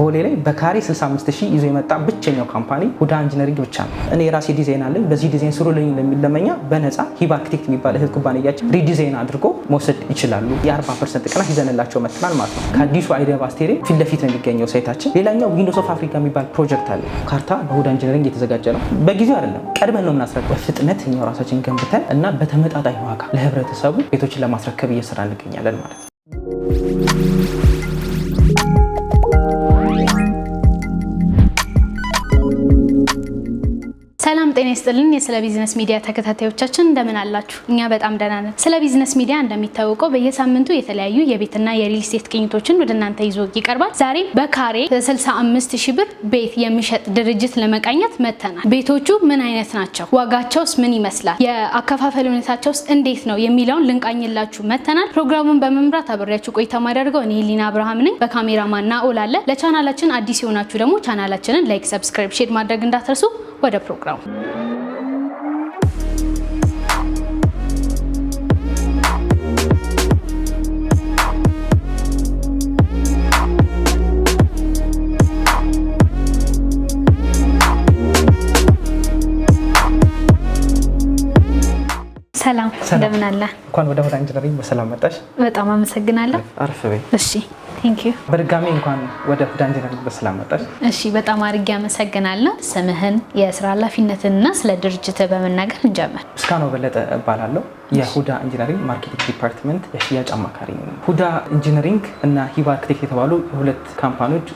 ቦሌ ላይ በካሬ 65 ሺህ ይዞ የመጣ ብቸኛው ካምፓኒ ሁዳ ኢንጂነሪንግ ብቻ ነው። እኔ የራሴ ዲዛይን አለኝ፣ በዚህ ዲዛይን ስሩልኝ ለሚለመኛ በነፃ ሂብ አርክቴክት የሚባል እህት ኩባንያችን ሪዲዛይን አድርጎ መውሰድ ይችላሉ። የ40 ፐርሰንት ቅናሽ ይዘንላቸው መጥተናል ማለት ነው። ከአዲሱ አይዲያ ባስቴሪየም ፊት ለፊት ነው የሚገኘው ሳይታችን። ሌላኛው ዊንዶስ ኦፍ አፍሪካ የሚባል ፕሮጀክት አለ። ካርታ በሁዳ ኢንጂነሪንግ የተዘጋጀ ነው። በጊዜው አይደለም ቀድመን ነው የምናስረክበው። በፍጥነት እኛው ራሳችን ገንብተን እና በተመጣጣኝ ዋጋ ለህብረተሰቡ ቤቶችን ለማስረከብ እየሰራ እንገኛለን ማለት ነው። ጤና ይስጥልን የስለ ቢዝነስ ሚዲያ ተከታታዮቻችን እንደምን አላችሁ? እኛ በጣም ደህና ነን። ስለ ቢዝነስ ሚዲያ እንደሚታወቀው በየሳምንቱ የተለያዩ የቤትና የሪል ስቴት ቅኝቶችን ወደ እናንተ ይዞ ይቀርባል። ዛሬ በካሬ በ65 ሺህ ብር ቤት የሚሸጥ ድርጅት ለመቃኘት መተናል። ቤቶቹ ምን አይነት ናቸው? ዋጋቸውስ ምን ይመስላል? የአከፋፈል ሁኔታቸውስ እንዴት ነው የሚለውን ልንቃኝላችሁ መተናል። ፕሮግራሙን በመምራት አብሬያችሁ ቆይታ ማደርገው እኔ ሊና አብርሃም ነኝ። በካሜራማን ናኦል አለ። ለቻናላችን አዲስ የሆናችሁ ደግሞ ቻናላችንን ላይክ፣ ሰብስክራይብ፣ ሼር ማድረግ እንዳትረሱ። ወደ ፕሮግራሙ Thank you. ሰላም እንደምን አለ። እንኳን ወደ ሆድ ኢንጂነሪንግ በሰላም መጣሽ። በጣም አመሰግናለሁ። አርፍ በይ። እሺ በድጋሚ እንኳን ወደ ሆድ ኢንጂነሪንግ በሰላም መጣሽ። እሺ በጣም አድርጌ አመሰግናለሁ። ስምህን፣ የስራ ኃላፊነትንና ስለ ድርጅት በመናገር እንጀምር። እስካነው በለጠ እባላለሁ። የሁዳ ኢንጂነሪንግ ማርኬቲንግ ዲፓርትመንት የሽያጭ አማካሪ ነው። ሁዳ ኢንጂነሪንግ እና ሂባ አርክቴክት የተባሉ የሁለት ካምፓኒዎች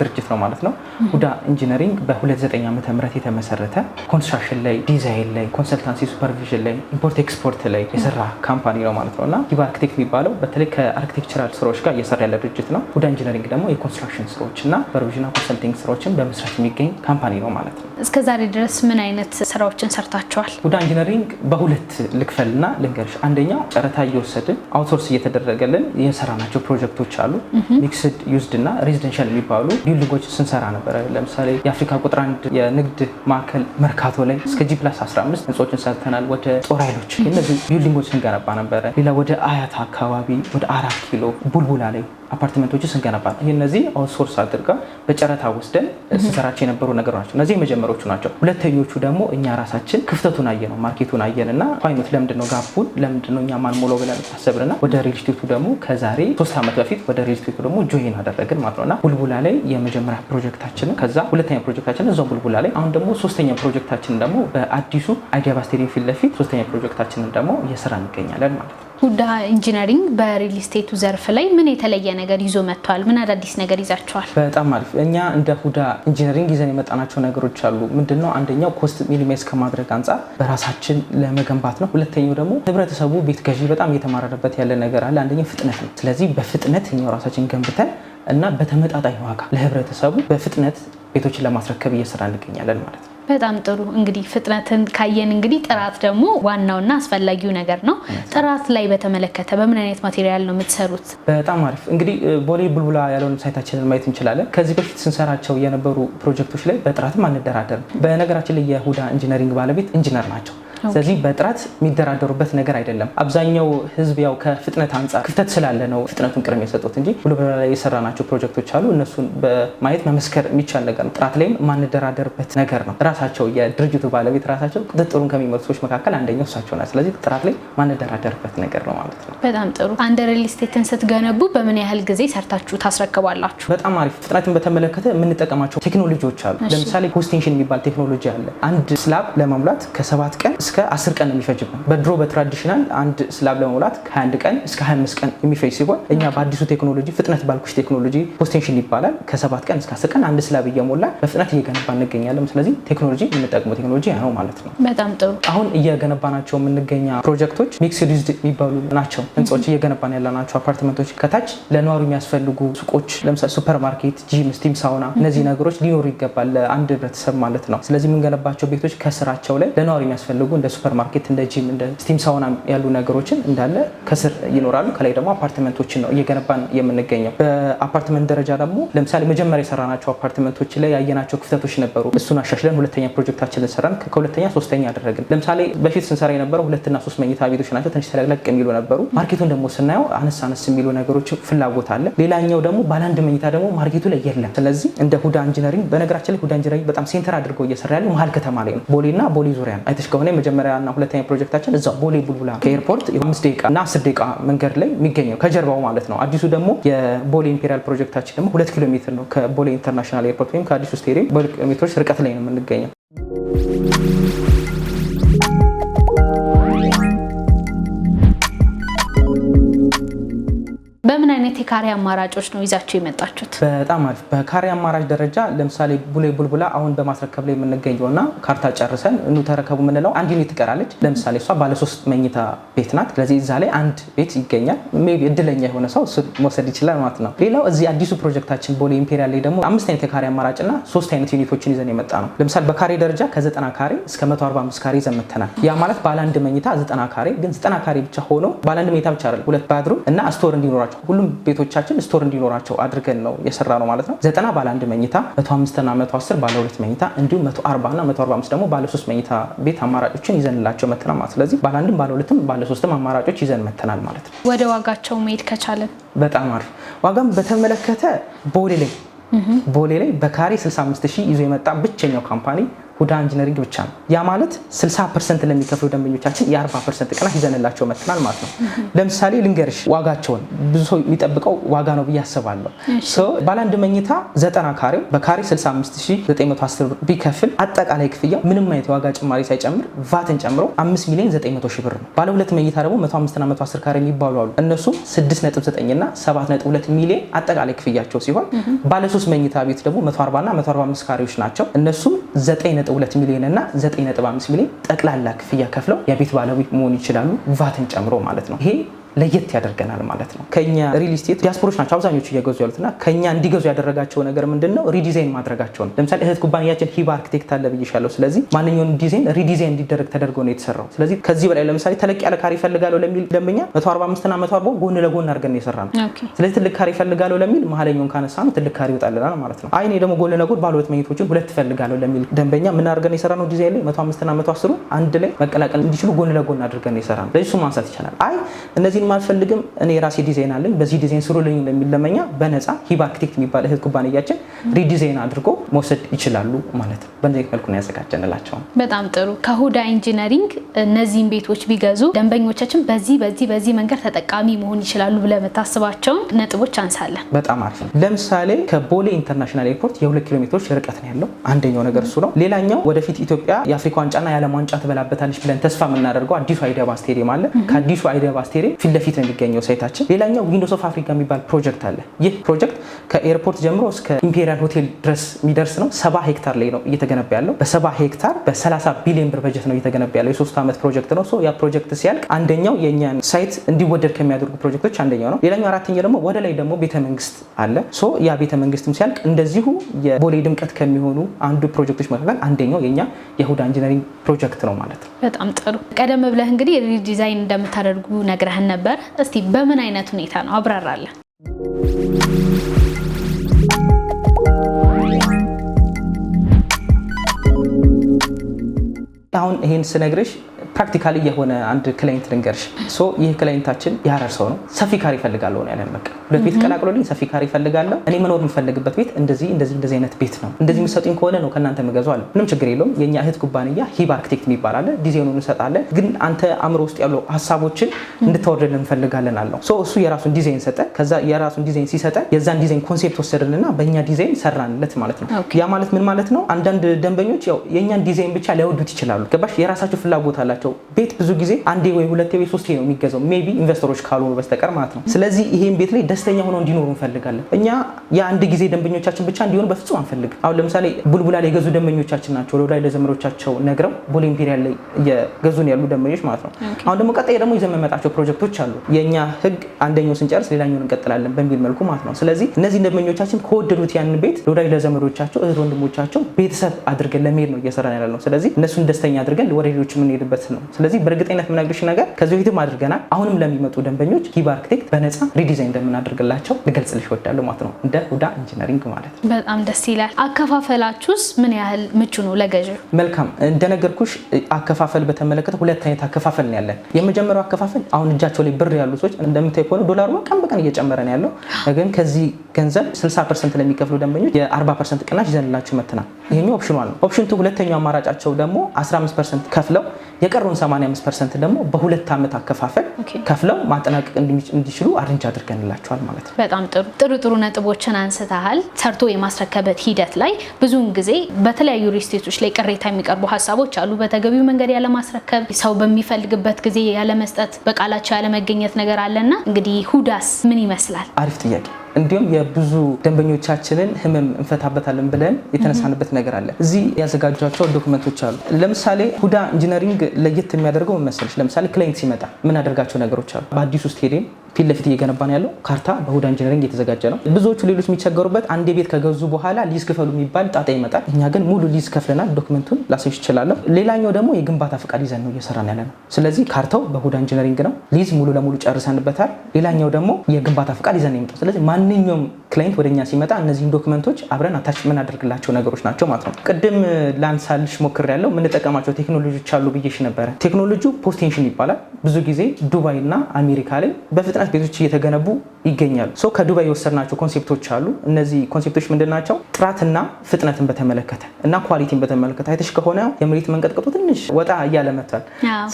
ድርጅት ነው ማለት ነው። ሁዳ ኢንጂነሪንግ በ29 ዓመተ ምህረት የተመሰረተ ኮንስትራክሽን ላይ፣ ዲዛይን ላይ፣ ኮንሰልታንሲ ሱፐርቪዥን ላይ፣ ኢምፖርት ኤክስፖርት ላይ የሰራ ካምፓኒ ነው ማለት ነው እና ሂባ አርክቴክት የሚባለው በተለይ ከአርክቴክቸራል ስራዎች ጋር እየሰራ ያለ ድርጅት ነው። ሁዳ ኢንጂነሪንግ ደግሞ የኮንስትራክሽን ስራዎች እና ሱፐርቪዥንና ኮንሰልቲንግ ስራዎችን በመስራት የሚገኝ ካምፓኒ ነው ማለት ነው። እስከዛሬ ድረስ ምን አይነት ስራዎችን ሰርታቸዋል? ሁዳ ኢንጂነሪንግ በሁለት ልክፈልና ልንገርሽ፣ አንደኛው ጨረታ እየወሰድን አውትሶርስ እየተደረገልን የሰራናቸው ፕሮጀክቶች አሉ። ሚክስድ ዩዝድ እና ሬዚደንሻል የሚባሉ ቢልዲንጎች ስንሰራ ነበረ። ለምሳሌ የአፍሪካ ቁጥር አንድ የንግድ ማዕከል መርካቶ ላይ እስከ ጂ ፕላስ 15 ህንፃዎችን ሰርተናል። ወደ ጦር ኃይሎች እነዚህ ቢልዲንጎች ስንገነባ ነበረ። ሌላ ወደ አያት አካባቢ ወደ አራት ኪሎ ቡልቡላ ላይ አፓርትመንቶችን ስንገነባ ነው። ይህ እነዚህ አውትሶርስ አድርጋ በጨረታ ወስደን ስንሰራቸው የነበሩ ነገሮች ናቸው። እነዚህ የመጀመሪያዎቹ ናቸው። ሁለተኞቹ ደግሞ እኛ ራሳችን ክፍተቱን አየ ነው ማርኬቱን አየንና ፋይኖት ለምንድን ነው ጋፑን ለምንድን እኛ ማንሞላው ብለን አሰብንና ወደ ሪልስቴቱ ደግሞ ከዛሬ ሶስት ዓመት በፊት ወደ ሪልስቴቱ ደግሞ ጆይን አደረግን ማለት ነውና ቡልቡላ ላይ የመጀመሪያ ፕሮጀክታችንን ከዛ ሁለተኛ ፕሮጀክታችንን እዛው ቡልቡላ ላይ አሁን ደግሞ ሶስተኛ ፕሮጀክታችንን ደግሞ በአዲሱ አይዲያ ባስቴሪን ፊት ለፊት ሶስተኛ ፕሮጀክታችንን ደግሞ እየሰራ እንገኛለን ማለት ነው። ሁዳ ኢንጂነሪንግ በሪል ስቴቱ ዘርፍ ላይ ምን የተለየ ነገር ይዞ መጥቷል? ምን አዳዲስ ነገር ይዛቸዋል? በጣም አሪፍ። እኛ እንደ ሁዳ ኢንጂነሪንግ ይዘን የመጣናቸው ነገሮች አሉ። ምንድነው? አንደኛው ኮስት ሚኒማይዝ ከማድረግ አንጻር በራሳችን ለመገንባት ነው። ሁለተኛው ደግሞ ህብረተሰቡ ቤት ገዢ በጣም እየተማረረበት ያለ ነገር አለ። አንደኛው ፍጥነት ነው። ስለዚህ በፍጥነት እኛው ራሳችን ገንብተን እና በተመጣጣኝ ዋጋ ለህብረተሰቡ በፍጥነት ቤቶችን ለማስረከብ እየሰራ እንገኛለን ማለት ነው። በጣም ጥሩ እንግዲህ ፍጥነትን ካየን እንግዲህ ጥራት ደግሞ ዋናውና አስፈላጊው ነገር ነው። ጥራት ላይ በተመለከተ በምን አይነት ማቴሪያል ነው የምትሰሩት? በጣም አሪፍ እንግዲህ ቦሌ ቡልቡላ ያለውን ሳይታችንን ማየት እንችላለን። ከዚህ በፊት ስንሰራቸው የነበሩ ፕሮጀክቶች ላይ በጥራትም አንደራደርም። በነገራችን ላይ የሁዳ ኢንጂነሪንግ ባለቤት ኢንጂነር ናቸው። ስለዚህ በጥራት የሚደራደሩበት ነገር አይደለም። አብዛኛው ህዝብ ያው ከፍጥነት አንጻር ክፍተት ስላለ ነው ፍጥነቱን ቅድሚያ የሰጡት እንጂ ብሎ ላይ የሰራናቸው ፕሮጀክቶች አሉ። እነሱን በማየት መመስከር የሚቻል ነገር ነው። ጥራት ላይም የማንደራደርበት ነገር ነው። ራሳቸው የድርጅቱ ባለቤት ራሳቸው ቁጥጥሩን ከሚመሩ ሰዎች መካከል አንደኛው እሳቸው ናቸው። ስለዚህ ጥራት ላይ ማንደራደርበት ነገር ነው ማለት ነው። በጣም ጥሩ። አንድ ሪል ስቴትን ስትገነቡ በምን ያህል ጊዜ ሰርታችሁ ታስረክባላችሁ? በጣም አሪፍ። ፍጥነትን በተመለከተ የምንጠቀማቸው ቴክኖሎጂዎች አሉ። ለምሳሌ ሆስቴንሽን የሚባል ቴክኖሎጂ አለ። አንድ ስላብ ለመሙላት ከሰባት ቀን እስከ 10 ቀን ነው የሚፈጅብን። በድሮ በትራዲሽናል አንድ ስላብ ለመሙላት ከ21 ቀን እስከ 25 ቀን የሚፈጅ ሲሆን እኛ በአዲሱ ቴክኖሎጂ ፍጥነት ባልኩሽ ቴክኖሎጂ ፖስቴንሽን ይባላል ከሰባት ቀን እስከ 10 ቀን አንድ ስላብ እየሞላ በፍጥነት እየገነባ እንገኛለን። ስለዚህ ቴክኖሎጂ የምንጠቅመው ቴክኖሎጂ ነው ማለት ነው። በጣም ጥሩ። አሁን እየገነባናቸው የምንገኛ ፕሮጀክቶች ሚክስድ ዩዝድ የሚባሉ ናቸው። ህንፃዎች እየገነባን ያላናቸው አፓርትመንቶች ከታች ለነዋሪ የሚያስፈልጉ ሱቆች፣ ለምሳሌ ሱፐር ማርኬት፣ ጂም፣ ስቲም ሳውና፣ እነዚህ ነገሮች ሊኖሩ ይገባል ለአንድ ህብረተሰብ ማለት ነው። ስለዚህ የምንገነባቸው ቤቶች ከስራቸው ላይ ለነዋሪ የሚያስፈልጉ እንደ ሱፐር ማርኬት፣ እንደ ጂም፣ እንደ ስቲም ሳውና ያሉ ነገሮችን እንዳለ ከስር ይኖራሉ። ከላይ ደግሞ አፓርትመንቶችን ነው እየገነባን የምንገኘው። በአፓርትመንት ደረጃ ደግሞ ለምሳሌ መጀመሪያ የሰራናቸው አፓርትመንቶች ላይ ያየናቸው ክፍተቶች ነበሩ። እሱን አሻሽለን ሁለተኛ ፕሮጀክታችንን ሰራን። ከሁለተኛ ሶስተኛ አደረግን። ለምሳሌ በፊት ስንሰራ የነበረው ሁለትና ሶስት መኝታ ቤቶች ናቸው። ትንሽ ተለቅለቅ የሚሉ ነበሩ። ማርኬቱን ደግሞ ስናየው አነስ አነስ የሚሉ ነገሮች ፍላጎት አለ። ሌላኛው ደግሞ ባለአንድ መኝታ ደግሞ ማርኬቱ ላይ የለም። ስለዚህ እንደ ሁዳ ኢንጂነሪንግ፣ በነገራችን ላይ ሁዳ ኢንጂነሪንግ በጣም ሴንተር አድርጎ እየሰራ ያለው መሀል ከተማ ላይ ነው። ቦሌና ቦሌ ዙሪያ ነው አይተሽ ከሆነ የመጀመሪያና ሁለተኛ ፕሮጀክታችን እዛው ቦሌ ቡልቡላ ከኤርፖርት የአምስት ደቂቃ እና አስር ደቂቃ መንገድ ላይ የሚገኘው ከጀርባው ማለት ነው። አዲሱ ደግሞ የቦሌ ኢምፔሪያል ፕሮጀክታችን ደግሞ ሁለት ኪሎ ሜትር ነው ከቦሌ ኢንተርናሽናል ኤርፖርት ወይም ከአዲሱ ስቴዲየም በሁለት ኪሎ ሜትሮች ርቀት ላይ ነው የምንገኘው። በምን አይነት የካሬ አማራጮች ነው ይዛቸው የመጣችሁት? በጣም አሪፍ። በካሬ አማራጭ ደረጃ ለምሳሌ ቡሌ ቡልቡላ አሁን በማስረከብ ላይ የምንገኘው እና ካርታ ጨርሰን እኑ ተረከቡ የምንለው አንድ ዩኒት ትቀራለች። ለምሳሌ እሷ ባለሶስት መኝታ ቤት ናት። ስለዚህ እዛ ላይ አንድ ቤት ይገኛል። ቢ እድለኛ የሆነ ሰው መውሰድ ይችላል ማለት ነው። ሌላው እዚህ አዲሱ ፕሮጀክታችን ቦሌ ኢምፔሪያል ላይ ደግሞ አምስት አይነት የካሬ አማራጭ እና ሶስት አይነት ዩኒቶችን ይዘን የመጣ ነው። ለምሳሌ በካሬ ደረጃ ከ ካሬ እስከ 145 ካሬ ይዘን መተናል። ያ ማለት ባለ አንድ መኝታ 90 ካሬ ግን 90 ካሬ ብቻ ሆኖ ባለ አንድ መኝታ ብቻ አይደለም፣ ሁለት ባድሩም እና ስቶር እንዲኖራቸው ሁሉም ቤቶቻችን ስቶር እንዲኖራቸው አድርገን ነው የሰራ ነው ማለት ነው። ዘጠና ባለ አንድ መኝታ፣ መቶ አምስትና መቶ አስር ባለ ሁለት መኝታ እንዲሁም መቶ አርባ እና መቶ አርባ አምስት ደግሞ ባለ ሶስት መኝታ ቤት አማራጮችን ይዘንላቸው መተናል ማለት ስለዚህ ባለ አንድም ባለ ሁለትም ባለ ሶስትም አማራጮች ይዘን መተናል ማለት ነው። ወደ ዋጋቸው መሄድ ከቻለን በጣም አሪፍ ዋጋም በተመለከተ ቦሌ ላይ ቦሌ ላይ በካሬ 65 ሺህ ይዞ የመጣ ብቸኛው ካምፓኒ ሁዳ ኢንጂነሪንግ ብቻ ነው። ያ ማለት 60 ፐርሰንት ለሚከፍሉ ደንበኞቻችን የ40 ፐርሰንት ቅናሽ ይዘንላቸው መጥተናል ማለት ነው። ለምሳሌ ልንገርሽ ዋጋቸውን ብዙ ሰው የሚጠብቀው ዋጋ ነው ብዬ አስባለሁ። ባለ አንድ መኝታ 90 ካሬው በካሬ 65910 ብር ቢከፍል አጠቃላይ ክፍያው ምንም አይነት ዋጋ ጭማሪ ሳይጨምር ቫትን ጨምሮ 5 ሚሊዮን 900 ሺህ ብር ነው። ባለ ሁለት መኝታ ደግሞ 105ና 110 ካሬ የሚባሉ አሉ። እነሱም 6.9ና 7.2 ሚሊዮን አጠቃላይ ክፍያቸው ሲሆን ባለ ሶስት መኝታ ቤት ደግሞ 140ና 145 ካሬዎች ናቸው። እነሱም 9.2 ሚሊዮን እና 9.5 ሚሊዮን ጠቅላላ ክፍያ ከፍለው የቤት ባለቤት መሆን ይችላሉ፣ ቫትን ጨምሮ ማለት ነው። ይሄ ለየት ያደርገናል ማለት ነው። ከኛ ሪል ስቴት ዲያስፖሮች ናቸው አብዛኞቹ እየገዙ ያሉትና ከኛ እንዲገዙ ያደረጋቸው ነገር ምንድን ነው? ሪዲዛይን ማድረጋቸው ነው። ለምሳሌ እህት ኩባንያችን ሂባ አርክቴክት አለ ብዬሻለሁ። ስለዚህ ማንኛውን ዲዛይን ሪዲዛይን እንዲደረግ ተደርጎ ነው የተሰራው። ስለዚህ ከዚህ በላይ ለምሳሌ ተለቅ ያለ ካሬ ይፈልጋለሁ ለሚል ደንበኛ 145ና 140 ጎን ለጎን አድርገን የሰራ ነው። ስለዚህ ትልቅ ካሬ ይፈልጋለሁ ለሚል መሀለኛውን ካነሳ ነው ትልቅ ካሬ ይወጣልናል ማለት ነው። አይኔ ደግሞ ጎን ለጎን ባለ ሁለት መኝቶችን ሁለት ይፈልጋለሁ ለሚል ደንበኛ ምን አድርገን የሰራ ነው? ዲዛይን ላይ 105ና 110 አንድ ላይ መቀላቀል እንዲችሉ ጎን ለጎን አድርገን የሰራ ነው። ለዚህ እሱ ማንሳት ይቻላል። አይ እነዚህ ዲዛይን አልፈልግም፣ እኔ የራሴ ዲዛይን አለኝ፣ በዚህ ዲዛይን ስሩልኝ ለሚል ለመኛ በነፃ ሂብ አርክቴክት የሚባል እህት ኩባንያችን ሪዲዛይን አድርጎ መውሰድ ይችላሉ ማለት ነው። በዚህ መልኩ ነው ያዘጋጀንላቸው። በጣም ጥሩ። ከሁዳ ኢንጂነሪንግ እነዚህን ቤቶች ቢገዙ ደንበኞቻችን በዚህ በዚህ በዚህ መንገድ ተጠቃሚ መሆን ይችላሉ ብለህ የምታስባቸውን ነጥቦች አንሳለን። በጣም አሪፍ ነው። ለምሳሌ ከቦሌ ኢንተርናሽናል ኤርፖርት የሁለት ኪሎ ሜትሮች ርቀት ነው ያለው። አንደኛው ነገር እሱ ነው። ሌላኛው ወደፊት ኢትዮጵያ የአፍሪካ ዋንጫና የዓለም ዋንጫ ትበላበታለች ብለን ተስፋ የምናደርገው አዲሱ አይደባ ስቴዲየም አለ። ከአዲሱ አይደባ ስቴዲየም ፊት ለፊት ነው የሚገኘው ሳይታችን። ሌላኛው ዊንዶስ ኦፍ አፍሪካ የሚባል ፕሮጀክት አለ። ይህ ፕሮጀክት ከኤርፖርት ጀምሮ እስከ ኢምፔሪያል ሆቴል ድረስ የሚደርስ ነው። ሰባ ሄክታር ላይ ነው እየተገነባ ያለው። በሰባ ሄክታር በ30 ቢሊዮን ብር በጀት ነው እየተገነባ ያለው። የሶስት ዓመት ፕሮጀክት ነው። ያ ፕሮጀክት ሲያልቅ አንደኛው የእኛን ሳይት እንዲወደድ ከሚያደርጉ ፕሮጀክቶች አንደኛው ነው። ሌላኛው አራተኛው ደግሞ ወደ ላይ ደግሞ ቤተመንግስት አለ። ያ ቤተመንግስትም ሲያልቅ እንደዚሁ የቦሌ ድምቀት ከሚሆኑ አንዱ ፕሮጀክቶች መካከል አንደኛው የኛ የሁዳ ኢንጂነሪንግ ፕሮጀክት ነው ማለት ነው። በጣም ጥሩ። ቀደም ብለህ እንግዲህ ሪዲዛይን እንደምታደርጉ ነግረህን ነበር ነበር። እስቲ በምን አይነት ሁኔታ ነው አብራራለን። አሁን ይህን ስነግርሽ ፕራክቲካሊ የሆነ አንድ ክላይንት ልንገርሽ። ሶ ይህ ክላይንታችን የሀረር ሰው ነው። ሰፊ ካር ይፈልጋል ሆነ ያለን በቃ ሁለት ቤት ቀላቅሎልኝ ሰፊ ካር ይፈልጋለሁ። እኔ መኖር የምፈልግበት ቤት እንደዚህ እንደዚህ እንደዚህ አይነት ቤት ነው፣ እንደዚህ የምትሰጡኝ ከሆነ ነው ከእናንተ የምገዛው አለ። ምንም ችግር የለውም። የእኛ እህት ኩባንያ ሂብ አርክቴክት የሚባል አለ። ዲዛይኑን እንሰጣለን፣ ግን አንተ አእምሮ ውስጥ ያሉ ሀሳቦችን እንድታወርድልን እንፈልጋለን አለው። ሶ እሱ የራሱን ዲዛይን ሰጠ። ከዛ የራሱን ዲዛይን ሲሰጠ የዛን ዲዛይን ኮንሴፕት ወሰድንና በእኛ ዲዛይን ሰራንለት ማለት ነው። ያ ማለት ምን ማለት ነው? አንዳንድ ደንበኞች ያው የእኛን ዲዛይን ብቻ ሊያወዱት ይችላሉ። ገባሽ? የራሳቸው ፍላጎት አላቸው ሰው ቤት ብዙ ጊዜ አንዴ ወይ ሁለቴ ወይ ሶስቴ ነው የሚገዛው ሜይ ቢ ኢንቨስተሮች ካልሆኑ በስተቀር ማለት ነው። ስለዚህ ይሄን ቤት ላይ ደስተኛ ሆነው እንዲኖሩ እንፈልጋለን። እኛ የአንድ ጊዜ ደንበኞቻችን ብቻ እንዲሆኑ በፍጹም አንፈልግ። አሁን ለምሳሌ ቡልቡላ ላይ የገዙ ደንበኞቻችን ናቸው ለወዳጅ ለዘመዶቻቸው ነግረው ቦሌ ኢምፔሪያል ላይ የገዙን ያሉ ደንበኞች ማለት ነው። አሁን ደግሞ ቀጣይ ደግሞ የዘመመጣቸው ፕሮጀክቶች አሉ። የእኛ ህግ አንደኛው ስንጨርስ ሌላኛውን እንቀጥላለን በሚል መልኩ ማለት ነው። ስለዚህ እነዚህ ደንበኞቻችን ከወደዱት ያን ቤት ለወዳጅ ለዘመዶቻቸው እህት ወንድሞቻቸው ቤተሰብ አድርገን ለመሄድ ነው እየሰራን ያለ ነው። ስለዚህ እነሱን ደስተኛ አድርገን ወደ ሌሎች የምንሄድበት ነው ነው። ስለዚህ በእርግጠኝነት የምነግርሽ ነገር ከዚህ በፊትም አድርገናል። አሁንም ለሚመጡ ደንበኞች ጊባ አርክቴክት በነፃ ሪዲዛይን እንደምናደርግላቸው ልገልጽልሽ እወዳለሁ ማለት ነው። እንደ ሁዳ ኢንጂነሪንግ ማለት ነው። በጣም ደስ ይላል። አከፋፈላችሁስ ምን ያህል ምቹ ነው ለገዥ? መልካም እንደነገርኩሽ አከፋፈል በተመለከተ ሁለት አይነት አከፋፈል ነው ያለን። የመጀመሪያው አከፋፈል አሁን እጃቸው ላይ ብር ያሉ ሰዎች እንደምታይ ከሆነ ዶላሩ ቀን በቀን እየጨመረ ነው ያለው። ግን ከዚህ ገንዘብ 60 ፐርሰንት ለሚከፍሉ ደንበኞች የ40 ፐርሰንት ቅናሽ ይዘንላችሁ መትናል። ይህኛው ኦፕሽኗል ነው። ኦፕሽን ሁለተኛው አማራጫቸው ደግሞ 15 ፐርሰንት ከፍለው የቀ የቀሩን 85 ፐርሰንት ደግሞ በሁለት ዓመት አከፋፈል ከፍለው ማጠናቀቅ እንዲችሉ አርንጅ አድርገንላቸዋል ማለት ነው። በጣም ጥሩ ጥሩ ጥሩ ነጥቦችን አንስተሃል። ሰርቶ የማስረከበት ሂደት ላይ ብዙውን ጊዜ በተለያዩ ሪስቴቶች ላይ ቅሬታ የሚቀርቡ ሀሳቦች አሉ። በተገቢው መንገድ ያለማስረከብ፣ ሰው በሚፈልግበት ጊዜ ያለመስጠት፣ በቃላቸው ያለመገኘት ነገር አለና እንግዲህ ሁዳስ ምን ይመስላል? አሪፍ ጥያቄ እንዲሁም የብዙ ደንበኞቻችንን ህመም እንፈታበታለን ብለን የተነሳንበት ነገር አለ። እዚህ ያዘጋጇቸው ዶክመንቶች አሉ። ለምሳሌ ሁዳ ኢንጂነሪንግ ለየት የሚያደርገው መሰለች፣ ለምሳሌ ክላይንት ሲመጣ የምናደርጋቸው ነገሮች አሉ። በአዲሱ ስቴዲየም ፊት ለፊት እየገነባ ነው ያለው። ካርታ በሁዳ ኢንጂነሪንግ እየተዘጋጀ ነው። ብዙዎቹ ሌሎች የሚቸገሩበት አንድ ቤት ከገዙ በኋላ ሊዝ ክፈሉ የሚባል ጣጣ ይመጣል። እኛ ግን ሙሉ ሊዝ ከፍለናል። ዶክመንቱን ላሴች ይችላለሁ። ሌላኛው ደግሞ የግንባታ ፍቃድ ይዘን ነው እየሰራ ያለ ነው። ስለዚህ ካርታው በሁዳ ኢንጂነሪንግ ነው። ሊዝ ሙሉ ለሙሉ ጨርሰንበታል። ሌላኛው ደግሞ የግንባታ ፍቃድ ይዘን ነው ስለዚህ ማንኛውም ክላይንት ወደኛ ሲመጣ እነዚህን ዶክመንቶች አብረን አታች የምናደርግላቸው ነገሮች ናቸው ማለት ነው። ቅድም ላንሳልሽ ሞክር ያለው የምንጠቀማቸው ቴክኖሎጂዎች አሉ ብዬሽ ነበረ። ቴክኖሎጂው ፖስቴንሽን ይባላል። ብዙ ጊዜ ዱባይ እና አሜሪካ ላይ በፍጥነት በፍጥነት ቤቶች እየተገነቡ ይገኛሉ። ሶ ከዱባይ የወሰድናቸው ኮንሴፕቶች አሉ። እነዚህ ኮንሴፕቶች ምንድን ናቸው? ጥራትና ፍጥነትን በተመለከተ እና ኳሊቲን በተመለከተ አይተሽ ከሆነ የመሬት መንቀጥቀጡ ትንሽ ወጣ እያለ መጥቷል።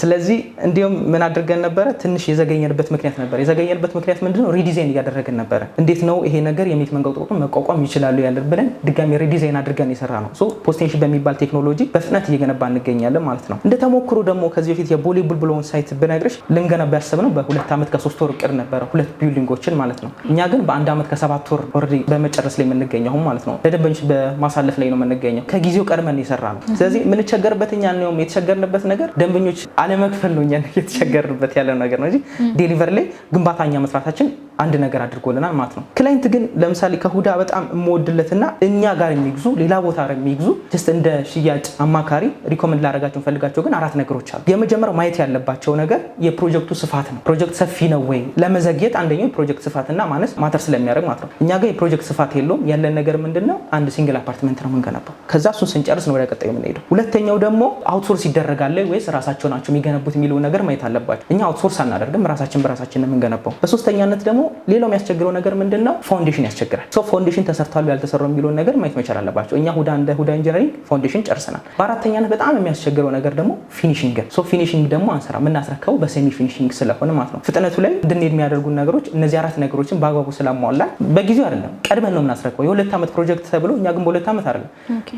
ስለዚህ እንዲሁም ምን አድርገን ነበረ? ትንሽ የዘገኘንበት ምክንያት ነበር። የዘገኘንበት ምክንያት ምንድነው? ሪዲዛይን እያደረግን ነበረ። እንዴት ነው ይሄ ነገር የመሬት መንቀጥቀጡ መቋቋም ይችላሉ ያለን ብለን ድጋሚ ሪዲዛይን አድርገን የሰራ ነው። ፖስቴንሽን በሚባል ቴክኖሎጂ በፍጥነት እየገነባ እንገኛለን ማለት ነው። እንደ ተሞክሮ ደግሞ ከዚህ በፊት የቦሌ ቡልቡሎን ሳይት ብነግርሽ ልንገነባ ያሰብነው በሁለት ዓመት ከሶስት ወር ቅድ ነበረ፣ ሁለት ቢልዲንጎችን ማለት ነው። እኛ ግን በአንድ ዓመት ከሰባት ወር ኦልሬዲ በመጨረስ ላይ የምንገኘው አሁን ማለት ነው። ለደንበኞች በማሳለፍ ላይ ነው የምንገኘው። ከጊዜው ቀድመን የሰራ ነው። ስለዚህ የምንቸገርበት እኛ ነውም የተቸገርንበት ነገር ደንበኞች አለመክፈል ነው። እኛ የተቸገርንበት ያለው ነገር ነው እንጂ ዴሊቨር ላይ ግንባታኛ መስራታችን አንድ ነገር አድርጎልናል ማለት ነው። ክላይንት ግን ለምሳሌ ከሁዳ በጣም የምወድለትና እኛ ጋር የሚግዙ ሌላ ቦታ የሚግዙ ጀስት እንደ ሽያጭ አማካሪ ሪኮመንድ ላረጋቸው ፈልጋቸው ግን አራት ነገሮች አሉ። የመጀመሪያው ማየት ያለባቸው ነገር የፕሮጀክቱ ስፋት ነው። ፕሮጀክት ሰፊ ነው ወይ? ለመዘግየት አንደኛው የፕሮጀክት ስፋትና ማነስ ማተር ስለሚያደርግ ማለት ነው። እኛ ጋር የፕሮጀክት ስፋት የለውም። ያለን ነገር ምንድን ነው? አንድ ሲንግል አፓርትመንት ነው የምንገነባው። ከዛ እሱን ስንጨርስ ነው ወደ ቀጣዩ የምንሄደው። ሁለተኛው ደግሞ አውትሶርስ ይደረጋል ወይስ ራሳቸው ናቸው የሚገነቡት የሚለውን ነገር ማየት አለባቸው። እኛ አውትሶርስ አናደርግም፣ ራሳችን በራሳችን ነው የምንገነባው። በሶስተኛነት ደግሞ ሌላው የሚያስቸግረው ነገር ምንድን ነው? ፋውንዴሽን ያስቸግራል። ሶ ፋንዴሽን ተሰርቷል ያልተሰራው የሚለውን ነገር ማየት መቻል አለባቸው። እኛ ሁዳ እንደ ሁዳ ኢንጂነሪንግ ፋውንዴሽን ጨርሰናል። በአራተኛነት በጣም የሚያስቸግረው ነገር ደግሞ ፊኒሽንግ ነው። ሶ ፊኒሽንግ ደግሞ አንሰራ የምናስረከበው በሴሚ ፊኒሽንግ ስለሆነ ማለት ነው። ፍጥነቱ ላይ እንድንሄድ የሚያደርጉን ነገሮች እነዚህ አራት ነገሮችን በአግባቡ ስላሟላ በጊዜው አይደለም ቀድመን ነው የምናስረክበው። የሁለት ዓመት ፕሮጀክት ተብሎ እኛ ግን በሁለት ዓመት አይደለም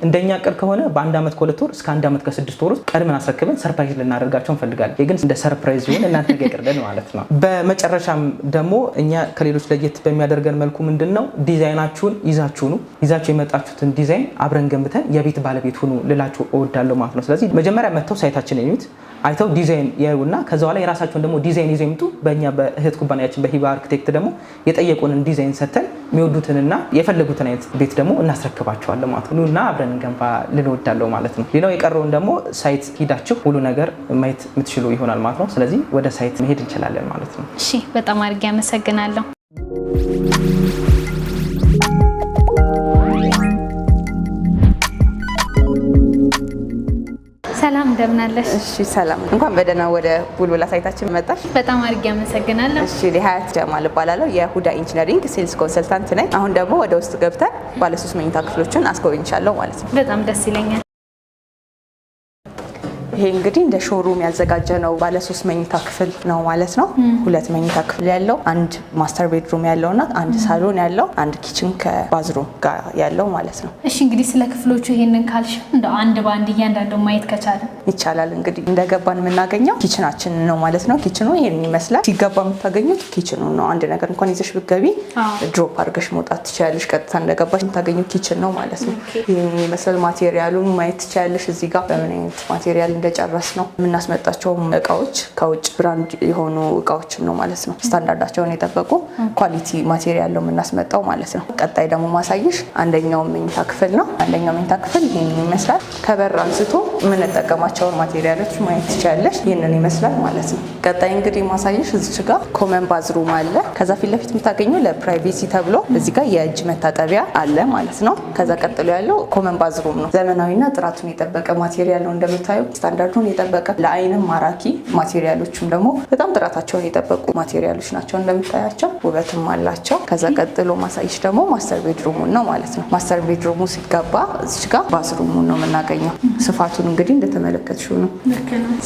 እንደኛ ቅር ከሆነ በአንድ ዓመት ከሁለት ወር እስከ አንድ ዓመት ከስድስት ወር ውስጥ ቀድመን አስረክበን ሰርፕራይዝ ልናደርጋቸው እንፈልጋለን። ግን እንደ ሰርፕራይዝ ሲሆን እናንተ ጋር ማለት ነው። በመጨረሻም ደግሞ እኛ ከሌሎች ለየት በሚያደርገን መልኩ ምንድን ነው ዲዛይናችሁን ይዛችሁ ነው ይዛችሁ የመጣችሁትን ዲዛይን አብረን ገንብተን የቤት ባለቤት ሁኑ ልላችሁ እወዳለሁ ማለት ነው። ስለዚህ መጀመሪያ መጥተው ሳይታችን የሚዩት አይተው ዲዛይን ያዩና ከዛ በኋላ የራሳቸውን ደግሞ ዲዛይን ይዘው ይምጡ። በእኛ በእህት ኩባንያችን በሂባ አርክቴክት ደግሞ የጠየቁንን ዲዛይን ሰተን የሚወዱትንና የፈለጉትን አይነት ቤት ደግሞ እናስረክባቸዋለን ማለት ነው። ኑና አብረን እንገንባ ልንወዳለው ማለት ነው። ሌላው የቀረውን ደግሞ ሳይት ሂዳችሁ ሁሉ ነገር ማየት የምትችሉ ይሆናል ማለት ነው። ስለዚህ ወደ ሳይት መሄድ እንችላለን ማለት ነው። እሺ፣ በጣም አድርጌ አመሰግናለሁ። ሰላም እንደምናለሽ? እሺ ሰላም። እንኳን በደህና ወደ ቡልቡላ ሳይታችን መጣሽ። በጣም አድርጌ አመሰግናለሁ። እሺ ሀያት ጀማል እባላለሁ የሁዳ ኢንጂነሪንግ ሴልስ ኮንሰልታንት ነኝ። አሁን ደግሞ ወደ ውስጥ ገብተን ባለሶስት መኝታ ክፍሎችን አስጎብኝሻለሁ ማለት ነው። በጣም ደስ ይለኛል። ይሄ እንግዲህ እንደ ሾሩም ያዘጋጀ ነው። ባለ ሶስት መኝታ ክፍል ነው ማለት ነው። ሁለት መኝታ ክፍል ያለው፣ አንድ ማስተር ቤድሩም ያለው እና አንድ ሳሎን ያለው፣ አንድ ኪችን ከባዝሩም ጋር ያለው ማለት ነው። እሺ እንግዲህ ስለ ክፍሎቹ ይሄንን ካልሽ እንደ አንድ በአንድ እያንዳንዱ ማየት ከቻለ ይቻላል። እንግዲህ እንደገባን የምናገኘው ኪችናችን ነው ማለት ነው። ኪችኑ ይሄን ይመስላል። ሲገባ የምታገኙት ኪችኑ ነው። አንድ ነገር እንኳን ይዘሽ ብትገቢ ድሮፕ አድርገሽ መውጣት ትችላለሽ። ቀጥታ እንደገባሽ የምታገኙት ኪችን ነው ማለት ነው። ይሄን ይመስላል። ማቴሪያሉን ማየት ትችላለሽ። እዚህ ጋር በምን አይነት ማቴሪያል እንደ እንደጨረስ ነው የምናስመጣቸውም እቃዎች ከውጭ ብራንድ የሆኑ እቃዎችን ነው ማለት ነው። ስታንዳርዳቸውን የጠበቁ ኳሊቲ ማቴሪያል ነው የምናስመጣው ማለት ነው። ቀጣይ ደግሞ ማሳይሽ አንደኛው መኝታ ክፍል ነው። አንደኛው መኝታ ክፍል ይህን ይመስላል። ከበር አንስቶ የምንጠቀማቸውን ማቴሪያሎች ማየት ትችላለሽ። ይህንን ይመስላል ማለት ነው። ቀጣይ እንግዲህ ማሳይሽ እዚች ጋር ኮመን ባዝሩም አለ። ከዛ ፊት ለፊት የምታገኘው ለፕራይቬሲ ተብሎ እዚህ ጋር የእጅ መታጠቢያ አለ ማለት ነው። ከዛ ቀጥሎ ያለው ኮመን ባዝሩም ነው። ዘመናዊና ጥራቱን የጠበቀ ማቴሪያል ነው እንደምታየው ስታንዳርዱን የጠበቀ ለአይንም ማራኪ ማቴሪያሎችም ደግሞ በጣም ጥራታቸውን የጠበቁ ማቴሪያሎች ናቸው። እንደምታያቸው ውበትም አላቸው። ከዛ ቀጥሎ ማሳይች ደግሞ ማስተር ቤድሩሙ ነው ማለት ነው። ማስተር ቤድሩሙ ሲገባ እዚህ ጋር ባዝሩሙን ነው የምናገኘው። ስፋቱን እንግዲህ እንደተመለከትሽው ነው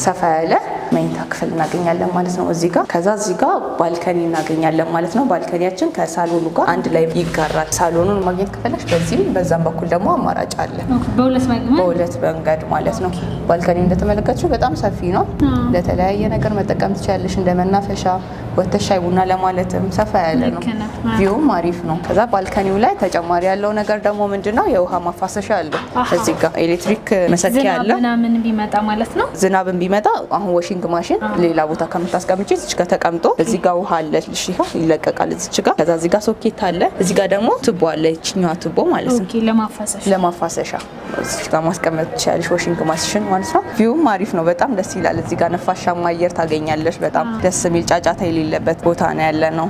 ሰፋ ያለ መኝታ ክፍል እናገኛለን ማለት ነው እዚህ ጋር። ከዛ እዚህ ጋር ባልከኒ እናገኛለን ማለት ነው። ባልከኒያችን ከሳሎኑ ጋር አንድ ላይ ይጋራል። ሳሎኑን ማግኘት ከፈለሽ በዚህም በዛም በኩል ደግሞ አማራጭ አለ፣ በሁለት መንገድ ማለት ነው። ባልከኒ እንደተመለከችው በጣም ሰፊ ነው። ለተለያየ ነገር መጠቀም ትችላለች እንደ መናፈሻ ወተት ሻይ ቡና ለማለትም ሰፋ ያለ ነው። ቪውም አሪፍ ነው። ከዛ ባልከኒው ላይ ተጨማሪ ያለው ነገር ደግሞ ምንድነው የውሃ ማፋሰሻ አለው። እዚህ ጋር ኤሌክትሪክ መሰኪያ አለ። ምናምን ቢመጣ ማለት ነው ዝናብን ቢመጣ አሁን ዋሽንግ ማሽን ሌላ ቦታ ከምታስቀምጪ እዚህ ጋር ተቀምጦ እዚህ ጋር ውሃ አለ። እሺ ይለቀቃል እዚህ ጋር። ከዛ እዚህ ጋር ሶኬት አለ። እዚህ ጋር ደግሞ ቱቦ አለ። ይችኛዋ ቱቦ ማለት ነው ለማፋሰሻ እዚህ ጋር ማስቀመጥ ትችላለሽ። ዋሽንግ ማሽን ማለት ነው። ቪውም አሪፍ ነው። በጣም ደስ ይላል። እዚህ ጋር ነፋሻማ አየር ታገኛለሽ። በጣም ደስ የሚል ጫጫታ የሌለው የሌለበት ቦታ ነው ያለ ነው።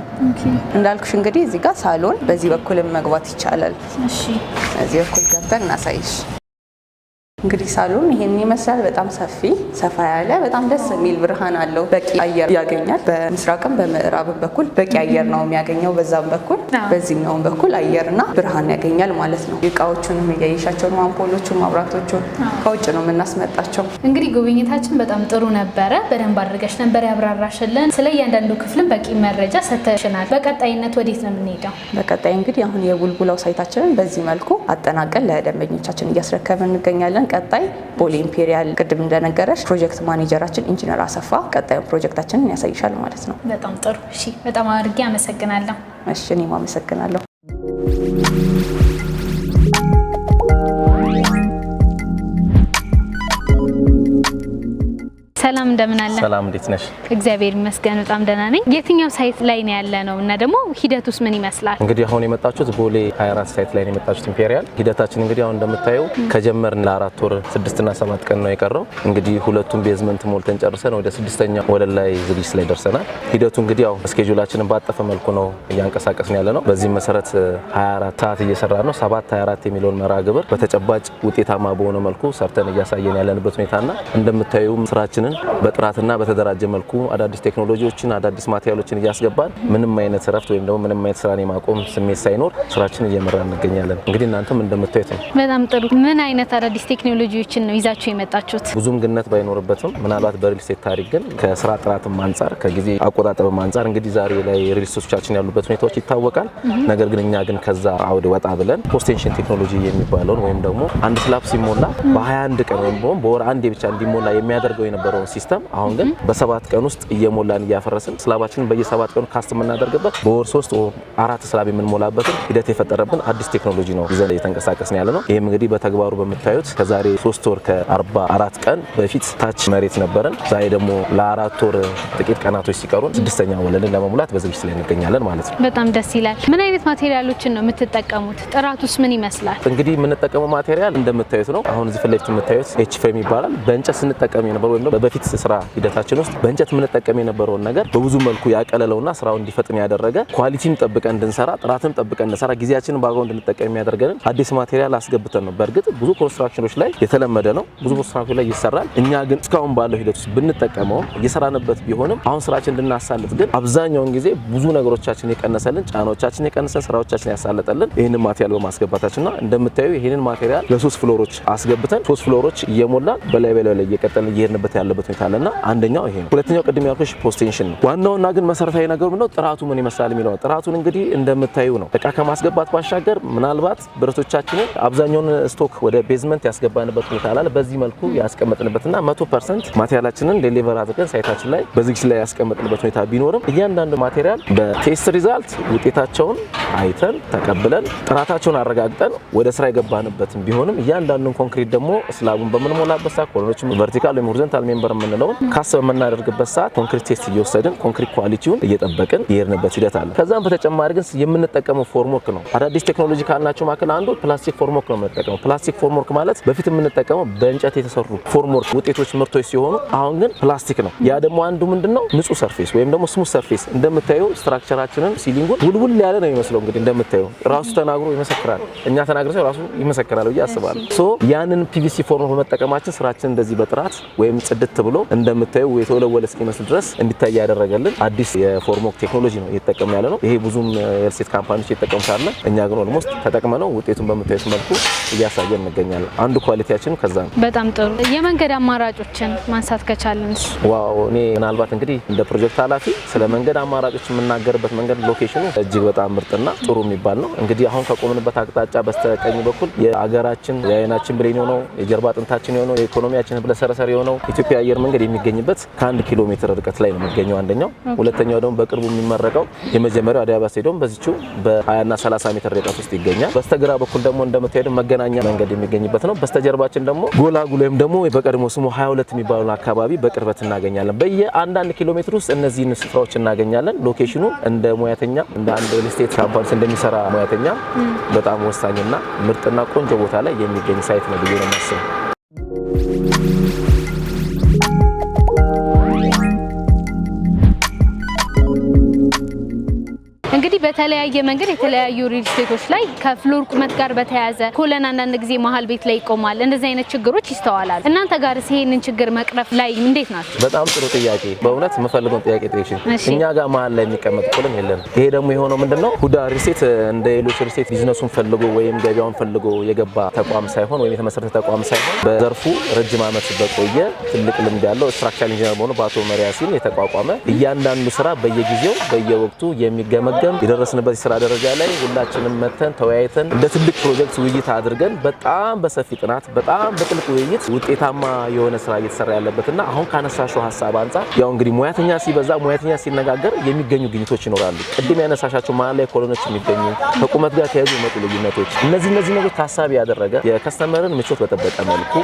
እንዳልኩሽ እንግዲህ እዚህ ጋር ሳሎን፣ በዚህ በኩልም መግባት ይቻላል። እዚህ በኩል ገብተን እናሳይሽ። እንግዲህ ሳሎን ይሄን ይመስላል። በጣም ሰፊ ሰፋ ያለ በጣም ደስ የሚል ብርሃን አለው። በቂ አየር ያገኛል። በምስራቅም በምዕራብም በኩል በቂ አየር ነው የሚያገኘው። በዛም በኩል በዚህኛውም በኩል አየርና ብርሃን ያገኛል ማለት ነው። እቃዎቹንም እያየሻቸው ነው። ማብራቶቹን ከውጭ ነው የምናስመጣቸው። እንግዲህ ጉብኝታችን በጣም ጥሩ ነበረ። በደንብ አድርገሽ ነበር ያብራራሽልን። ስለ እያንዳንዱ ክፍልም በቂ መረጃ ሰተሽናል። በቀጣይነት ወዴት ነው የምንሄደው? በቀጣይ እንግዲህ አሁን የቡልቡላው ሳይታችንን በዚህ መልኩ አጠናቀን ለደንበኞቻችን እያስረከብን እንገኛለን። ቀጣይ ቦሌ ኢምፔሪያል ቅድም እንደነገረች ፕሮጀክት ማኔጀራችን ኢንጂነር አሰፋ ቀጣዩ ፕሮጀክታችንን ያሳይሻል ማለት ነው። በጣም ጥሩ። እሺ፣ በጣም አድርጌ አመሰግናለሁ። እሺ፣ እኔም አመሰግናለሁ። ሰላም እንደምን አለ? ሰላም እንዴት ነሽ? እግዚአብሔር ይመስገን በጣም ደህና ነኝ። የትኛው ሳይት ላይ ነው ያለ ነው እና ደግሞ ሂደቱስ ምን ይመስላል? እንግዲህ አሁን የመጣችሁት ቦሌ 24 ሳይት ላይ ነው የመጣችሁት ኢምፔሪያል። ሂደታችን እንግዲህ አሁን እንደምታየው ከጀመርን ለአራት ወር ስድስትና ሰባት ቀን ነው የቀረው። እንግዲህ ሁለቱም ቤዝመንት ሞልተን ጨርሰን ወደ ስድስተኛ ወለል ላይ ዝግጅት ላይ ደርሰናል። ሂደቱ እንግዲህ ያው እስኬጁላችንን ባጠፈ መልኩ ነው እያንቀሳቀስን ያለ ነው። በዚህም መሰረት 24 ሰዓት እየሰራ ነው። 7 24 የሚለውን መርሃ ግብር በተጨባጭ ውጤታማ በሆነ መልኩ ሰርተን እያሳየን ያለንበት ሁኔታና እንደምታዩም ስራችንን በጥራትና በተደራጀ መልኩ አዳዲስ ቴክኖሎጂዎችን አዳዲስ ማቴሪያሎችን እያስገባን ምንም አይነት ረፍት ወይም ደግሞ ምንም አይነት ስራን የማቆም ስሜት ሳይኖር ስራችን እየመራ እንገኛለን። እንግዲህ እናንተም እንደምታዩት ነው። በጣም ጥሩ። ምን አይነት አዳዲስ ቴክኖሎጂዎችን ነው ይዛችሁ የመጣችሁት? ብዙም ግነት ባይኖርበትም ምናልባት በሪልስቴት ታሪክ ግን ከስራ ጥራትም አንጻር ከጊዜ አቆጣጠብም አንጻር እንግዲህ ዛሬ ላይ ሪልስቶቻችን ያሉበት ሁኔታዎች ይታወቃል። ነገር ግን እኛ ግን ከዛ አውድ ወጣ ብለን ፖስቴንሽን ቴክኖሎጂ የሚባለውን ወይም ደግሞ አንድ ስላፕ ሲሞላ በ21 ቀን ወይም በወር አንዴ ብቻ እንዲሞላ የሚያደርገው የነበረውን ሲስተም አሁን ግን በሰባት ቀን ውስጥ እየሞላን እያፈረስን ስላባችንን በየሰባት ቀኑ ካስት የምናደርግበት በወር ሶስት አራት ስላብ የምንሞላበትን ሂደት የፈጠረብን አዲስ ቴክኖሎጂ ነው ይዘን እየተንቀሳቀስን ያለ ነው። ይህም እንግዲህ በተግባሩ በምታዩት ከዛሬ ሶስት ወር ከአርባ አራት ቀን በፊት ታች መሬት ነበረን። ዛሬ ደግሞ ለአራት ወር ጥቂት ቀናቶች ሲቀሩን ስድስተኛ ወለልን ለመሙላት በዝግጅት ላይ እንገኛለን ማለት ነው። በጣም ደስ ይላል። ምን አይነት ማቴሪያሎችን ነው የምትጠቀሙት? ጥራቱስ ምን ይመስላል? እንግዲህ የምንጠቀመው ማቴሪያል እንደምታዩት ነው። አሁን እዚህ ፊት ለፊት የምታዩት ኤችፌም ይባላል። በእንጨት ስንጠቀም የነበረ ወይም በፊት የቤት ስራ ሂደታችን ውስጥ በእንጨት የምንጠቀም የነበረውን ነገር በብዙ መልኩ ያቀለለውና ስራው እንዲፈጥን ያደረገ ኳሊቲም ጠብቀን እንድንሰራ፣ ጥራትም ጠብቀን እንድንሰራ፣ ጊዜያችንን በአግባቡ እንድንጠቀም የሚያደርገንን አዲስ ማቴሪያል አስገብተን ነው። በእርግጥ ብዙ ኮንስትራክሽኖች ላይ የተለመደ ነው፣ ብዙ ኮንስትራክሽን ላይ ይሰራል። እኛ ግን እስካሁን ባለው ሂደት ውስጥ ብንጠቀመውም እየሰራንበት ቢሆንም አሁን ስራችን እንድናሳልጥ ግን አብዛኛውን ጊዜ ብዙ ነገሮቻችን የቀነሰልን፣ ጫናዎቻችን የቀነሰን፣ ስራዎቻችን ያሳለጠልን ይህንን ማቴሪያል በማስገባታችንና እንደምታዩ ይህንን ማቴሪያል ለሶስት ፍሎሮች አስገብተን ሶስት ፍሎሮች እየሞላን በላይ በላይ ላይ እየቀጠልን እየሄድንበት ያለበት ያለበት ሁኔታ አለ እና አንደኛው ይሄ ነው። ሁለተኛው ቅድም ያልኩሽ ፖስቴንሽን ነው። ዋናውና ግን መሰረታዊ ነገሩ ምንድነው ጥራቱ ምን ይመስላል የሚለው ጥራቱን እንግዲህ እንደምታዩ ነው። እቃ ከማስገባት ባሻገር ምናልባት ብረቶቻችንን አብዛኛውን ስቶክ ወደ ቤዝመንት ያስገባንበት ሁኔታ አለ። በዚህ መልኩ ያስቀመጥንበትና መቶ ፐርሰንት ማቴሪያላችንን ዴሊቨር አድርገን ሳይታችን ላይ በዝግጅት ላይ ያስቀመጥንበት ሁኔታ ቢኖርም እያንዳንዱ ማቴሪያል በቴስት ሪዛልት ውጤታቸውን አይተን ተቀብለን ጥራታቸውን አረጋግጠን ወደ ስራ የገባንበትም ቢሆንም እያንዳንዱን ኮንክሪት ደግሞ ስላቡን በምንሞላበት ሳ ኮሎኖች ቨርቲካል ወይም ሆሪዞንታል ሜምበር የምንለውን ካሰብ የምናደርግበት ሰዓት ኮንክሪት ቴስት እየወሰድን ኮንክሪት ኳሊቲውን እየጠበቅን የሄድንበት ሂደት አለ። ከዛም በተጨማሪ ግን የምንጠቀመው ፎርምወርክ ነው። አዳዲስ ቴክኖሎጂ ካልናቸው መካከል አንዱ ፕላስቲክ ፎርምወርክ ነው የምንጠቀመው። ፕላስቲክ ፎርምወርክ ማለት በፊት የምንጠቀመው በእንጨት የተሰሩ ፎርምወርክ ውጤቶች፣ ምርቶች ሲሆኑ አሁን ግን ፕላስቲክ ነው። ያ ደግሞ አንዱ ምንድነው ንጹህ ሰርፌስ ወይም ደግሞ ስሙዝ ሰርፌስ። እንደምታየው ስትራክቸራችንን ሲሊንጉን ውልውል ያለ ነው የሚመስለው። እንግዲህ እንደምታየው ራሱ ተናግሮ ይመሰክራል። እኛ ተናግረ ሰው ራሱ ይመሰክራል ብዬ አስባለሁ። ሶ ያንን ፒቪሲ ፎርምወርክ በመጠቀማችን ስራችን እንደዚህ በጥራት ወይም ጽድት ብሎ እንደምታዩ የተወለወለ እስኪመስል ድረስ እንዲታይ ያደረገልን አዲስ የፎርሞክ ቴክኖሎጂ ነው እየተጠቀምን ያለ ነው። ይሄ ብዙም ሪልስቴት ካምፓኒዎች እየተጠቀሙ ካለ እኛ ግን ኦልሞስት ተጠቅመነው ውጤቱን በምታዩት መልኩ እያሳየን እንገኛለን። አንዱ ኳሊቲያችን ከዛ ነው። በጣም ጥሩ። የመንገድ አማራጮችን ማንሳት ከቻለን ዋው። እኔ ምናልባት እንግዲህ እንደ ፕሮጀክት ኃላፊ ስለ መንገድ አማራጮች የምናገርበት መንገድ ሎኬሽኑ እጅግ በጣም ምርጥና ጥሩ የሚባል ነው። እንግዲህ አሁን ከቆምንበት አቅጣጫ በስተቀኝ በኩል የአገራችን የአይናችን ብሌን የሆነው የጀርባ አጥንታችን የሆነው የኢኮኖሚያችን ብለሰረሰር የሆነው ኢትዮጵያ አየር መንገድ የሚገኝበት ከአንድ ኪሎ ሜትር ርቀት ላይ ነው የሚገኘው አንደኛው። ሁለተኛው ደግሞ በቅርቡ የሚመረቀው የመጀመሪያው አዲስ አበባ ስቴዲየም በዚቹ በ20ና 30 ሜትር ርቀት ውስጥ ይገኛል። በስተግራ በኩል ደግሞ እንደምታሄዱ መገናኛ መንገድ የሚገኝበት ነው። በስተጀርባችን ደግሞ ጎላጉል ወይም ደግሞ በቀድሞ ስሙ 22 የሚባለውን አካባቢ በቅርበት እናገኛለን። በየአንዳንድ ኪሎ ሜትር ውስጥ እነዚህን ስፍራዎች እናገኛለን። ሎኬሽኑ እንደ ሙያተኛ እንደ አንድ ሪል ስቴት ካምፓኒ እንደሚሰራ ሙያተኛ በጣም ወሳኝና ምርጥና ቆንጆ ቦታ ላይ የሚገኝ ሳይት ነው ብዬ ነው የማስበው። በተለያየ መንገድ የተለያዩ ሪል ስቴቶች ላይ ከፍሎር ቁመት ጋር በተያያዘ ኮለን አንዳንድ ጊዜ መሀል ቤት ላይ ይቆማል። እንደዚህ አይነት ችግሮች ይስተዋላል። እናንተ ጋር ይሄንን ችግር መቅረፍ ላይ እንዴት ናቸው? በጣም ጥሩ ጥያቄ። በእውነት የምፈልገውን ጥያቄ ጠይቅሽኝ። እኛ ጋር መሀል ላይ የሚቀመጥ ኮለን የለም። ይሄ ደግሞ የሆነው ምንድነው ሁዳ ሪሴት እንደ ሌሎች ሪሴት ቢዝነሱን ፈልጎ ወይም ገቢያውን ፈልጎ የገባ ተቋም ሳይሆን ወይም የተመሰረተ ተቋም ሳይሆን በዘርፉ ረጅም ዓመት በቆየ ትልቅ ልምድ ያለው ስትራክቸር ኢንጂነር በሆኑ በአቶ ሲን የተቋቋመ እያንዳንዱ ስራ በየጊዜው በየወቅቱ የሚገመገም የደረስንበት የስራ ደረጃ ላይ ሁላችንም መተን ተወያይተን እንደ ትልቅ ፕሮጀክት ውይይት አድርገን በጣም በሰፊ ጥናት በጣም በጥልቅ ውይይት ውጤታማ የሆነ ስራ እየተሰራ ያለበትና አሁን ካነሳሽው ሀሳብ አንጻር ያው እንግዲህ ሙያተኛ ሲበዛ ሙያተኛ ሲነጋገር የሚገኙ ግኝቶች ይኖራሉ። ቅድም ያነሳሻቸው መሀል ላይ ኮሎኖች የሚገኙ ከቁመት ጋር ተያይዞ የመጡ ልዩነቶች፣ እነዚህ እነዚህ ነገሮች ታሳቢ ያደረገ የከስተመርን ምቾት በጠበቀ መልኩ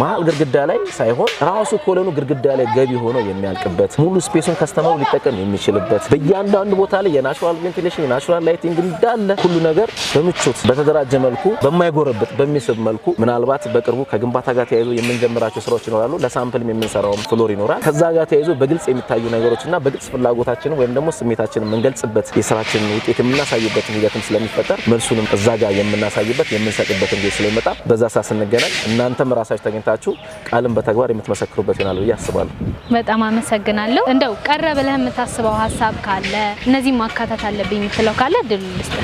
መሀል ግድግዳ ላይ ሳይሆን ራሱ ኮሎኑ ግድግዳ ላይ ገቢ ሆኖ የሚያልቅበት ሙሉ ስፔሱን ከስተመሩ ሊጠቀም የሚችልበት በእያንዳንዱ ቦታ ላይ የናቹራል ቬንቲሌሽን ናቹራል ላይቲንግ እንዳለ ሁሉ ነገር በምቾት በተደራጀ መልኩ በማይጎረበት በሚስብ መልኩ ምናልባት በቅርቡ ከግንባታ ጋር ተያይዞ የምንጀምራቸው ስራዎች ይኖራሉ። ለሳምፕልም የምንሰራውም ፍሎር ይኖራል። ከዛ ጋር ተያይዞ በግልጽ የሚታዩ ነገሮችና በግልጽ ፍላጎታችን ወይም ደግሞ ስሜታችን የምንገልጽበት የስራችንን ውጤት የምናሳይበትን ሂደትም ስለሚፈጠር መልሱንም እዛ ጋር የምናሳይበት የምንሰጥበት ጊዜ ስለሚመጣ በዛ ሳ ስንገናኝ እናንተም ራሳችሁ ተገኝታችሁ ቃልን በተግባር የምትመሰክሩበት ይሆናል ብዬ አስባለሁ። በጣም አመሰግናለሁ። እንደው ቀረ ብለህ የምታስበው ሀሳብ ካለ እነዚህም ማካተት አለብኝ የምትለው ካለ ድል ልስጥ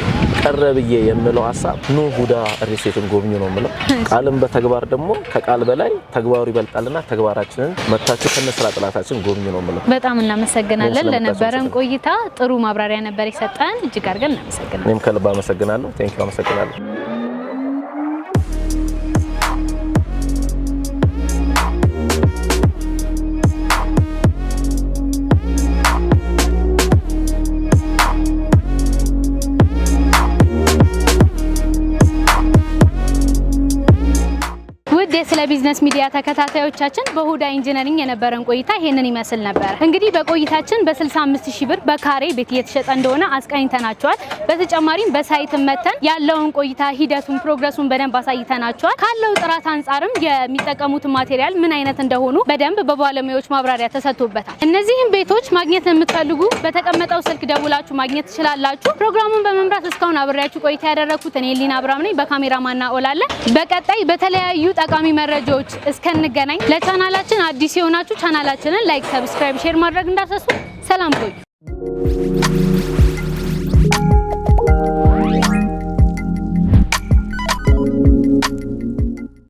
ቀረ ብዬ የምለው ሀሳብ ኑ ሁዳ ሪሴቱን ጎብኙ ነው የምለው። ቃልም በተግባር ደግሞ ከቃል በላይ ተግባሩ ይበልጣልና ተግባራችንን መታችሁ ከነስራ ጥላታችን ጎብኙ ነው የምለው። በጣም እናመሰግናለን። ለነበረን ቆይታ ጥሩ ማብራሪያ ነበር የሰጠን። እጅግ አድርገን እናመሰግናለን። እኔም ከልብ አመሰግናለሁ። ቴንኪው አመሰግናለሁ። ቢዝነስ ሚዲያ ተከታታዮቻችን በሁዳ ኢንጂነሪንግ የነበረን ቆይታ ይሄንን ይመስል ነበር። እንግዲህ በቆይታችን በ65 ሺህ ብር በካሬ ቤት እየተሸጠ እንደሆነ አስቃኝተናቸዋል። በተጨማሪም በሳይት መተን ያለውን ቆይታ ሂደቱን፣ ፕሮግረሱን በደንብ አሳይተናቸዋል። ካለው ጥራት አንጻርም የሚጠቀሙት ማቴሪያል ምን አይነት እንደሆኑ በደንብ በባለሙያዎች ማብራሪያ ተሰጥቶበታል። እነዚህም ቤቶች ማግኘት የምትፈልጉ በተቀመጠው ስልክ ደውላችሁ ማግኘት ትችላላችሁ። ፕሮግራሙን በመምራት እስካሁን አብሬያችሁ ቆይታ ያደረኩት እኔ ሊና አብራም ነኝ። በካሜራ ማና ኦላለ በቀጣይ በተለያዩ ጠቃሚ መረ መረጃዎች እስከንገናኝ ለቻናላችን አዲስ የሆናችሁ ቻናላችንን ላይክ፣ ሰብስክራይብ፣ ሼር ማድረግ እንዳሰሱ። ሰላም ቆዩ።